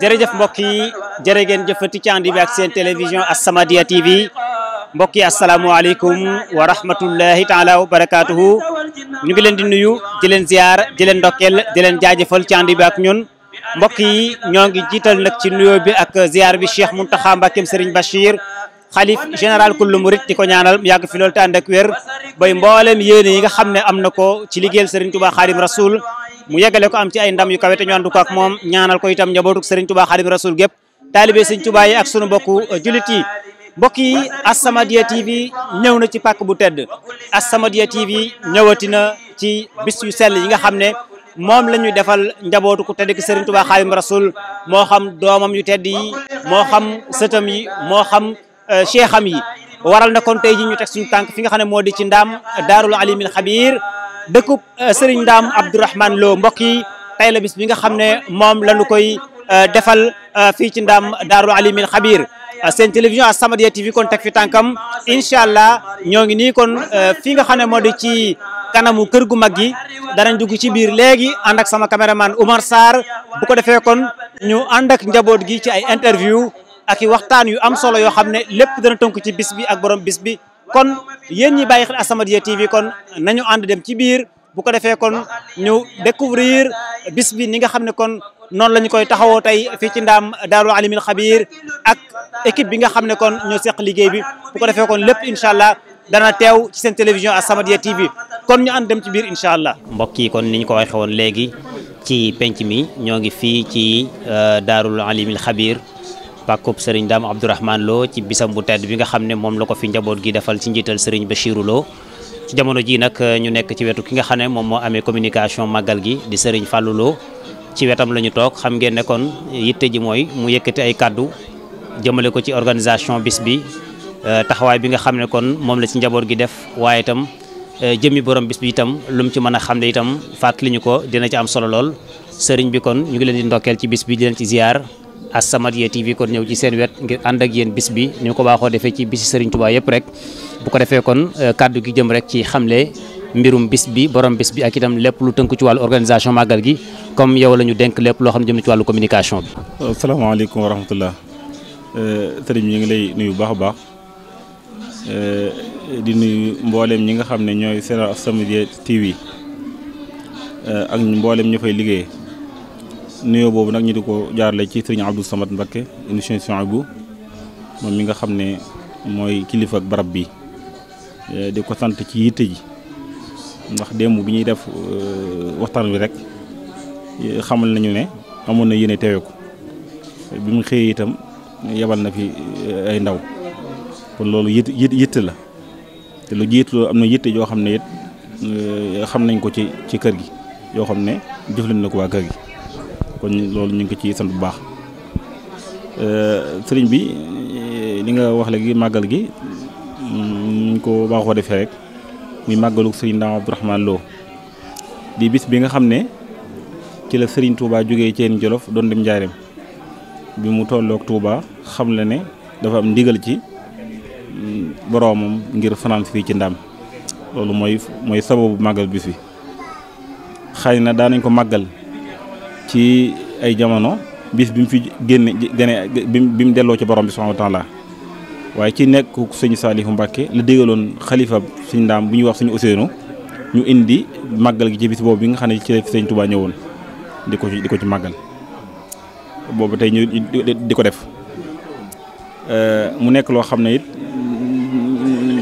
jërëjëf mbokk yi jërë ngeen jëfati ci ànd bi ak seen télévision As-Samadiyya TV mbokk yi asalaamualeykum wa rahmatullahi taala wa barakaatuhu ñu ngi leen di nuyu di leen ziar di leen ndokkeel di leen jaajëfal ci ànd bi ak ñun mbokk yi ñoo ngi jiital nag ci nuyoo bi ak ziar bi Cheikh Mountakha Mbacké Serigne Bachir xalif général kullu murit di ko ñaanal mu yàgg fi loolu te ànd ak wér bay mboolem yéene yi nga xam ne am na ko ci liggéeyal Serigne Touba Xaadim Rasoul mu yeggale ko am ci ay ndam yu kawe te ñu ànd ko moom ñaanal ko itam njabootuk Serigne Touba Xaadimu Rasuul gépp taalibe Serigne Touba yi ak sunu mbokku uh, jullit yi mbokk yi As-Samadiyya TV ñëw na ci pàkk bu tedd As-Samadiyya TV ñëwati na ci bis yu sell yi nga xam ne moom la ñuy defal njabootu ku tedd ki Serigne Touba Xaadimu Rasuul moo xam doomam yu tedd yi moo xam sëtam yi moo xam uh, cheikham yi waral na kon tey ji ñu teg suñu fi nga xam ne moo di ci ndaam Daarul Alimil Xabiir dëkku euh, Serigne Ndam Abdourahmane Lo mbokk yi tey bi nga xam ne moom la ñu koy euh, defal euh, fii ci Ndam Daarul Alimil Xabir seen télévision As-Samadiyya TV kon teg fi tànkam incha allah ñoo ngi nii kon fii nga xam ne moo di ci kanamu kër gu mag gi danañ dugg ci biir léegi ànd ak sama caméraman Oumar Sarr bu ko defee kon ñu ànd ak njaboot gi ci ay interview ak i waxtaan yu am solo yoo xam ne lépp dana tonk ci bis bi ak borom bis bi kon yéen ñi bàyyi xel As-Samadiyya TV kon nañu ànd dem ci biir bu ko defee kon ñu découvrir bis bi ni nga xam ne kon noonu la ñu koy taxawoo tey fii ci ndaam Daaru Alimil Xabiir ak équipe bi nga xam ne kon ñoo seq liggéey bi bu ko defee kon lépp incha allah dana teew ci seen télévision As-Samadiyya TV kon ñu ànd dem ci biir incha allah. mbokk yi kon ni ñu ko waxee woon léegi ci penc mi ñoo ngi fii ci euh, Daarul Alimil Xabiir. pàkkub sëriñ Daam Abdourahmane Lo ci bisam bu tedd bi nga xam ne moom la ko fi njaboot gi defal ci njiital sëriñ Bachirou Lo ci jamono ji nag euh, ñu nekk ci wetu ki nga xam ne moom moo amee communication magal gi di sëriñ Fallou loo ci wetam la ñu toog xam ngeen ne kon yitte ji mooy mu yëkkati ay kàddu jëmale ko ci organisation bis bi euh, taxawaay bi nga xam ne kon moom la ci njaboot gi def waaye itam euh, jëmmi borom bis bi itam lu mu ci mën a xam ne itam fàttali ñu ko dina ci am solo lool sëriñ bi kon ñu ngi leen di ndokkeel ci bis bi di ci ziar As-Samadiyya TV kon ñëw ci seen wet ngir ànd ak yéen bis bi ni ko baaxoo defee ci bisi Serigne Touba yëpp rek bu ko defee kon euh, kàddu gi jëm rek ci xamle mbirum bis bi borom bis bi ak itam lépp lu tënk ci wàllu organisation màggal gi comme yow la denk lépp loo xam jëm na ci wàllu communication bi. asalaamaaleykum euh, wa rahmatullah euh, sëriñ ñu ngi lay nuyu baax a baax di nuyu mbooleem ñi nga xam ne ñooy As-Samadiyya TV ak mboolem ñu fay liggéey. nuyoo boobu nag ñu di ko jaarale ci sëriñ Abdou Samad Mbakke émission bu moom mi nga xam ne mooy kilifa ak barab bi eh, di ko sant ci yitte ji ndax démb bi ñuy def eh, waxtaan wi rek eh, xamal nañu ne amoon na yéene teewe ko bi mu xëyee itam yebal na fi ay ndaw kon loolu yitt yitte la te lu jiit loolu am na yitte yoo xam ne it xam nañ ko ci ci kër gi yoo xam ne jëflin na ko waa kër gi kon loolu ñu ngi ko ci sant bu baax euh, sëriñ bi li nga wax léegi màggal gi ñu ko baaxoo defee rek muy màggalu sëriñ Ndaam Abdourahmane Lo di bis bi nga xam ne ci la sëriñ Touba jógee ceen Jolof doon dem Njaareem bi mu tollook Touba xam la ne dafa am ndigal ci mm, boroomam ngir fanaan fii ci ndam loolu mooy mooy sababu màggal bis bi xëy na daanañ ko màggal ci ay jamono bis bi mu fi génne bi mu delloo ci borom bi subhaanahu wa taala waaye ci nekk sëñ Saalihu Mbàkke la dégaloon xalifa suñ ndaam bu ñuy wax suñu Ousseynou ñu indi màggal gi ci bis boobu bi nga xam ne ci la sëñ Touba ñëwoon di ko ci di ko ci màggal boobu tey ñu di ko def euh, mu nekk loo xam ne it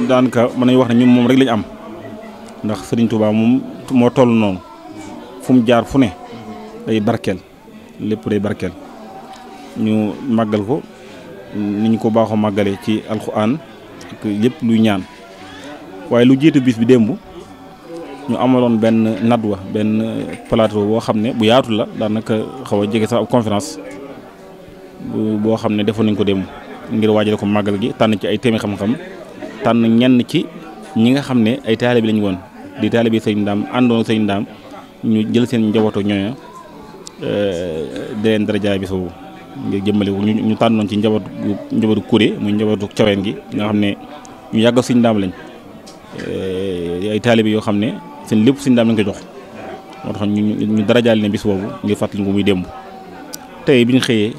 daanaka mën nañu wax ne ñu moom rek lañu am ndax sëriñ Touba moom moo toll noonu fu jaar fu ne. day barkeel lépp day barkeel ñu màggal ko ni ñu ko baaxoo màggale ci alxuraan ak lépp luy ñaan waaye lu jiitu bis bi démb ñu amaloon benn wa benn plateau boo xam ne bu yaatu la daanaka xaw a jege sax ab conférence boo xam ne defoon nañ ko démb ngir waajal ko màggal gi tànn ci ay téemi xam-xam tànn ñenn ci ñi nga xam ne ay taalibe lañ woon di taalibe sëñ Ndaam àndoon sëñ Ndaam ñu jël seen njaboot ak Eh, deneen darajaay bi sowu ngir jëmmale ko ñu tànnoon ci njabootu njabootu kuré muy njabootu caween gi nga xam ne ñu yàgg suñu daam lañ eh, ay taalibe yoo xam ne seen lépp suñu daam lañ ko jox moo tax ñu ñu darajaal ne bis boobu ngir fàttali ko muy démb tey bi ñu xëyee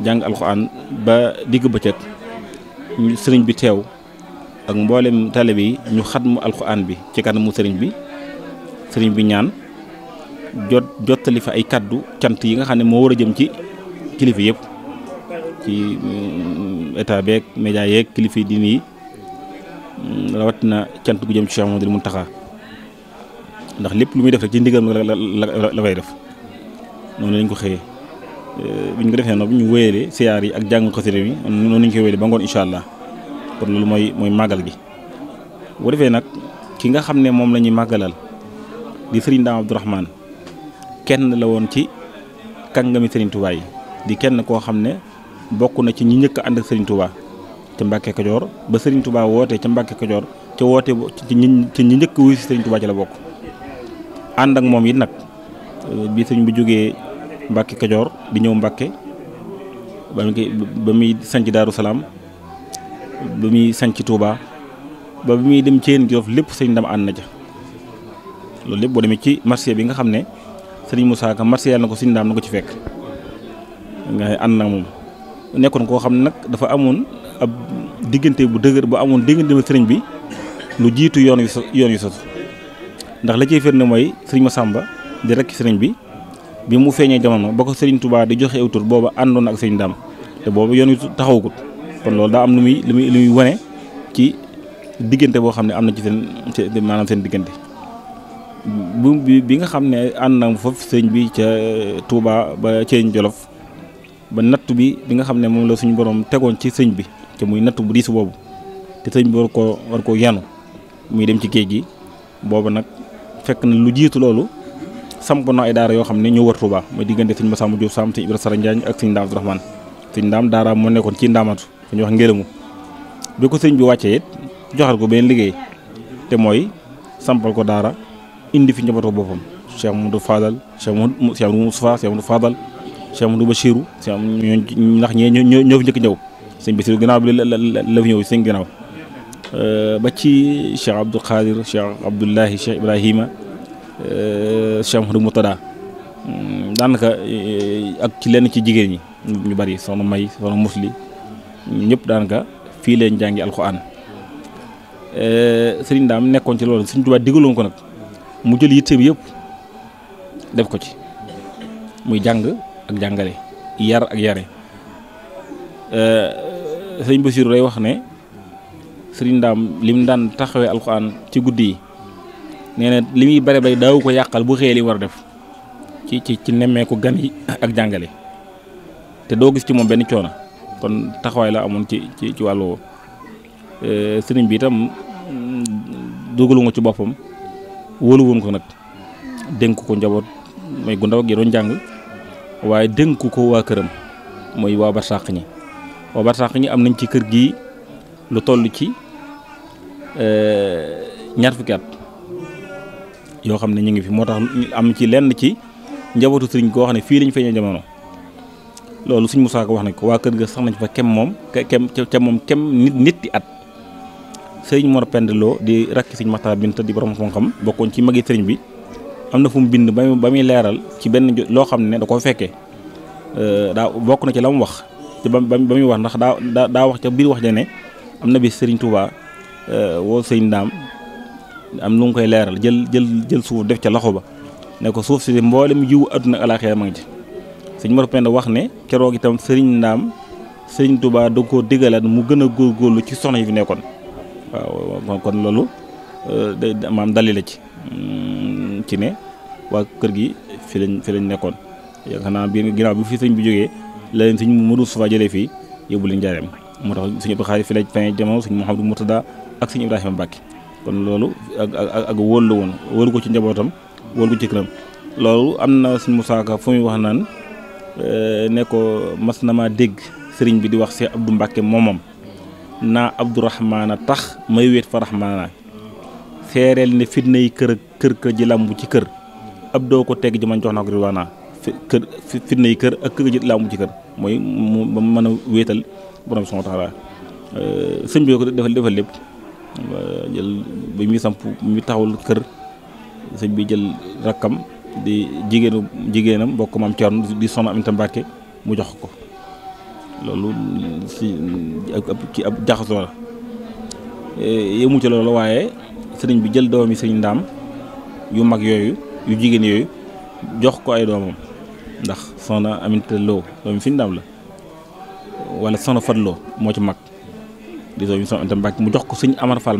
jàng alxuraan ba digg bëccëg sëriñ bi teew ak mboolem taalibe yi ñu xatmu alxuraan bi ci kanamu sëriñ bi sëriñ bi ñaan jot jottali fa ay kàddu cant yi nga xam ne moo war a jëm ci kilifa yëpp ci euh, état beeg média yeeg kilifa yi diine yi mm, rawatina cant gu jëm ci Cheikh Mouhamadou Mountakha ndax lépp lu muy def rek ci ndigal la koy def noonu lañ ko xëyee euh, bu ko defee noonu ñu wéyalee siyaar yi ak jàngu xasida mi noonu lañ koy wéyalee ba ngoon mooy mooy màggal gi bu defee nag ki nga xam ne moom la ñuy màggalal di Serigne Dame Abdourahmane kenn la woon ci kàngami Serigne Touba yi di kenn koo xam ne bokk na ci ñi njëkk ànd ak Serigne Touba ci Mbacke Kajoor ba Serigne Touba woote ca Mbacke Kajoor ca woote ci ñi ci ñi njëkk wuy si Serigne la bokk ànd moom it nag euh, bi sëñ bu jógee Mbacke Kajoor di ñëw Mbacke ba muy ba muy sanc Daaru Salaam ba muy sanc Touba ba bi muy dem ci Thiène Diof lépp sëñ dama ànd na ja loolu lépp boo demee ci marché bi nga xam ne. sëriñ Moussa Ka marché yàlla na ko suñu daam na ko ci fekk nga ànd na moom nekkoon koo xam ne nag dafa amoon ab diggante bu dëgër bu amoon diggante ma sëriñ bi lu jiitu yoon wi sa yoon wi sosu ndax la ciy ne mooy sëriñ Massamba di rek sëriñ bi bi mu feeñee jamono ba ko sëriñ Touba di joxe aw booba àndoon ak sëriñ daam te boobu yoon wi taxawagut kon loolu daa am lu muy lu muy lu muy wane ci diggante boo xam ne am na ci seen maanaam seen diggante. bu bi bi nga xam ne ànd na foofu sëñ bi ca Touba ba Ceeñ Jolof ba natt bi bi nga xam ne moom la suñu boroom tegoon ci sëñ bi te muy nattu bu diis boobu te sëñ bi war koo war koo yanu muy dem ci géej gi boobu nag fekk na lu jiitu loolu samp na ay daara yoo xam ne ñoo war Touba mooy diggante sëñ Massamba Diop Sam sëñ Ibra Sara Njaañ ak sëñ Ndaam Abdourahman sëñ Ndaam daara moo nekkoon ci ndaamatu fu ñuy wax ngelamu bi ko sëñ bi wàcce it joxal ko benn liggéey te mooy sampal ko daara indi fi njabootu boppam Cheikh Modou Fadal Cheikh Modou Cheikh Modou Moustapha Cheikh Modou ndax ñee ñoo fi njëkk ñëw sëñ Bachirou euh, ci Cheikh Abdoul Khadir Cheikh Abdoulahi Cheikh Ibrahima euh, hmm, daanaka euh, ak ci lenn ci jigéen ñi ñu bari soxna May soxna Musli ñëpp daanaka fii leen jàngi alxuraan sëriñ daam nekkoon ci loolu sëriñ Tuubaa digaloon ko nag mu jël yitteem yëpp def ko ci muy jàng ak jàngale yar ak yare euh, sëñ Basiru day wax ne sëriñ ndaam li mu daan taxawee alxuraan ci guddi yi nee li muy bare bay daawu ko yàqal bu xëyee li war a def ci ci ci nemmeeku gan yi ak jàngale te doo gis ci moom benn coono kon taxawaay la amoon ci ci ci wàllu euh, sëriñ bi itam dugalu nga ci boppam wóolu woon ko nag dénk ko njaboot mooy gu ndaw ak yi doon jàng waaye dénk ko waa këram mooy waa barsàq ñi waa barsàq ñi am nañ ci kër gi lu toll ci eh, ñaar fukki at yoo xam ne ñu ngi fi moo tax am ci lenn ci njabootu sëriñ koo xam ne fii lañ feeñee jamono loolu suñ Musaa ko wax nañ ko waa kër ga sax nañ fa kem moom kem ca moom kem nit nit di at sëriñ Mor Penda Lo di rakki sëriñ Maxtaar Binta di borom xam-xam bokkoon ci magi sëriñ bi am na fu mu bind ba ba muy leeral ci benn loo xam ne da koo fekkee euh, daa bokk na ci la mu wax ci ba ba muy wax ndax daa wax ca biir wax ja ne am na bis sëriñ Touba euh, woo sëriñ Ndaam am lu mu koy leeral jël jël jël suuf def ca loxo ba ne ko suuf si mboolem jiwu àdduna ak alaaxira ma ngi ci sëriñ Mor wax ne keroog itam sëriñ Ndaam sëriñ Touba da koo digalaat mu gën a góorgóorlu ci soxna yi fi nekkoon. waaw kon loolu euh, day maam dali la ci mm, ci ne waa kër gi fi lañ fi lañ nekkoon yaakaar naa bi ginnaaw bi fi sëñ bi jógee la leen sëñ Modou Moustapha jëlee fii yóbbu leen Njaareem moo tax sëñ Abdou fi lañ fane jamono sëñ Mouhamadou Mourtada ak sëñ Ibrahima Mbacke kon loolu ak ak ak woon wóolu ko ci njabootam wóolu ko ci këram loolu am na sëñ Moussa Ka fu muy wax naan euh, ne mas na ma dégg sëriñ bi di wax Cheikh Abdou Mbacke moomam naa a tax may wéet fa raxmaana feereel ne fitna yi kër kër kër ji làmb ci kër ab doo ko ji man jox naa ko kër ak kër ji làmb ci kër mooy mu ba mën a wéetal borom subhaanahu wa taala euh, sëñ bi ko defal defal lépp jël muy samp muy taxawul kër sëñ bi jël rakkam di jigéenu jigéenam mbokk maam Cerno di soxna Aminata Mbàkke mu jox ko loolu si ki ab jaxasoo la e, yëmu ci loolu waaye sëriñ bi jël doom yi sëñ ndaam yu mag yooyu yu jigéen yooyu jox ko ay doomam ndax soxna Aminata Lo doomi ndaam la wala soxna Fat moo ci mag di doom yi soxna Aminata Mbàkke mu jox ko sëñ Amar Fall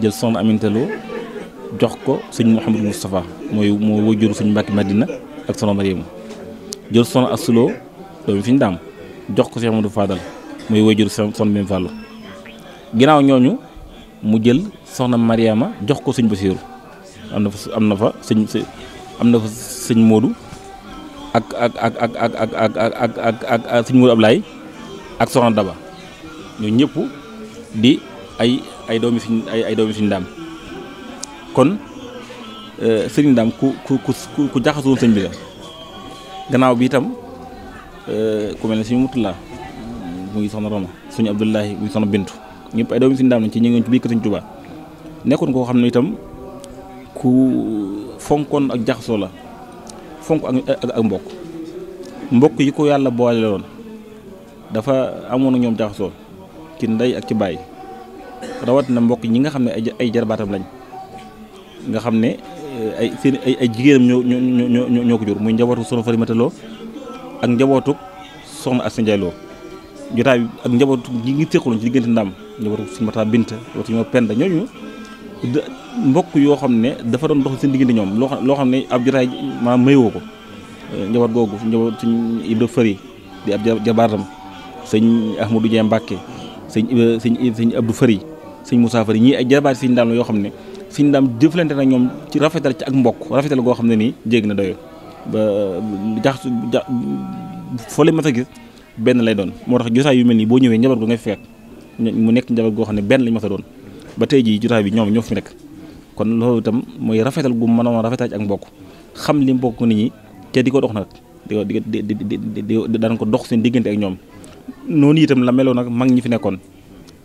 jël soxna Aminata jox ko sëñ Mouhamadou Moustapha mooy moo wajuru sëñ Mbàkke Madina ak soxna Mariama jël soxna Aslo doomi sëriñ ndaam jox ko Cheikh Modou Fadal muy wajur son son bi fàllu ginnaaw ñooñu mu jël soxna Mariama jox ko sëñ Basiiru am na fa am na fa sëñ am na fa ak ak ak ak ak ak ak ak ak ak ak sëñ Modou Ablaye ak soxna Daba ñoo ñëpp di ay ay doomi suñ ay ay doomi suñ daam kon sëriñ ku ku ku ku jaxasoon sëñ bi la gannaaw bi itam Euh, ku suñu Mutula mu ngi soxna Roma suñu Abdullahi mu ngi soxna Bintu ñëpp ay doomi suñu daam ci ñu ngi ci biir kër suñu Tuubaa nekkoon koo xam ne itam ku fonkoon ak jaxasoo la fonk ak mbokk mbokk yi ko yàlla boole woon dafa amoon ak ñoom jaxasoo ci ndey ak ci baay rawatina mbokk ñi nga xam ne ay jarbaatam lañ nga xam ne ay seen ay jigéenam ñoo ñoo ñoo ñoo ko jur muy njabootu soxna Farimata Lo ak njabootuk soxna Assa Ndiaye bi ak njabootu ñi ngi teqaloon ci diggante ndam njabootu si mata bint njabootu ñoo mbokk yoo xam ne dafa doon dox seen diggante ñoom loo xam ne ab jotaay maa mayoo ko euh, njaboot googu njaboot suñ Ibra Fari di ab jabaaram sëñ Ahmadou Dieng Mbacke sëñ sëñ sëñ Abdou Fari sëñ Moussa ñii ay jabaar sëñ daam yoo xam ne sëñ daam jëflante na ñoom ci rafetal ci ak mbokk rafetal goo xam ne nii jégg na doyoo ba jax ja foo leen mas a gis benn lay doon moo tax jotaay yu mel nii boo ñëwee njaboot gu ngay fekk mu nekk njaboot goo xam ne benn lañ mas a doon ba tey jii jotaay bi ñoom ñoo fi nekk kon loolu itam mooy rafetal gu mënoon rafetal ak mbokk xam li mbokk nit ñi te di ko dox nag di di di di daan ko dox seen diggante ak ñoom noonu itam la meloo nag mag ñi fi nekkoon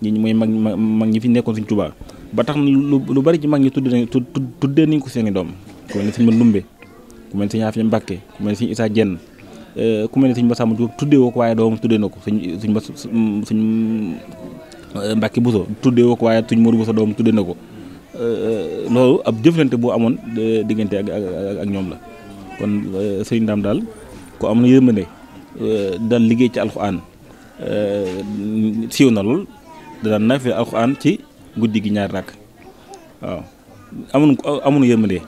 ñi mooy mag mag ñi fi nekkoon suñ Tuubaa ba tax na lu bari ci mag ñi tudd nañ tuddee nañ ko seen i doom kon ni suñ ma ku mel ne Serigne Afia Mbacke si mel ne Serigne Issa Dieng ku mel ne Serigne Massamba Diop tuddee woo ko waaye doomam tuddee na ko Serigne Serigne Bass Serigne euh, Mbacke Bousso tuddee woo ko waaye Serigne Modou na ko euh, loolu ab jëflante boo amoon diggante ak ak ñoom la kon euh, Serigne ndam daal ku am na yërmande dal liggéey ci alxuraan siiw na lool daan nafila alxuraan ci guddi gi ñaar rakk waaw amuñu amuñu yërmande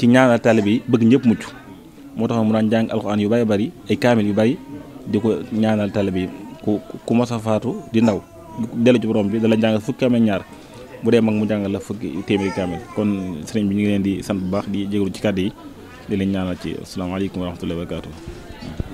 ci ñaanal taalibe yi bëgg ñëpp mucc moo tax mu daan jàng alxuraan yu bari bari ay kaamil yu bari di ko ñaanal taalibe yi ku ku mos a di ndaw dellu ci borom bi dala jàng fukki kaamil ñaar bu dee mag mu jàngal la fukki téeméeri kaamil kon sëriñ bi ñu ngi leen di sant bu baax di jégalu ci kàddu yi di leen ñaanal ci asalaamaaleykum wa rahmatullahi wa barakatuh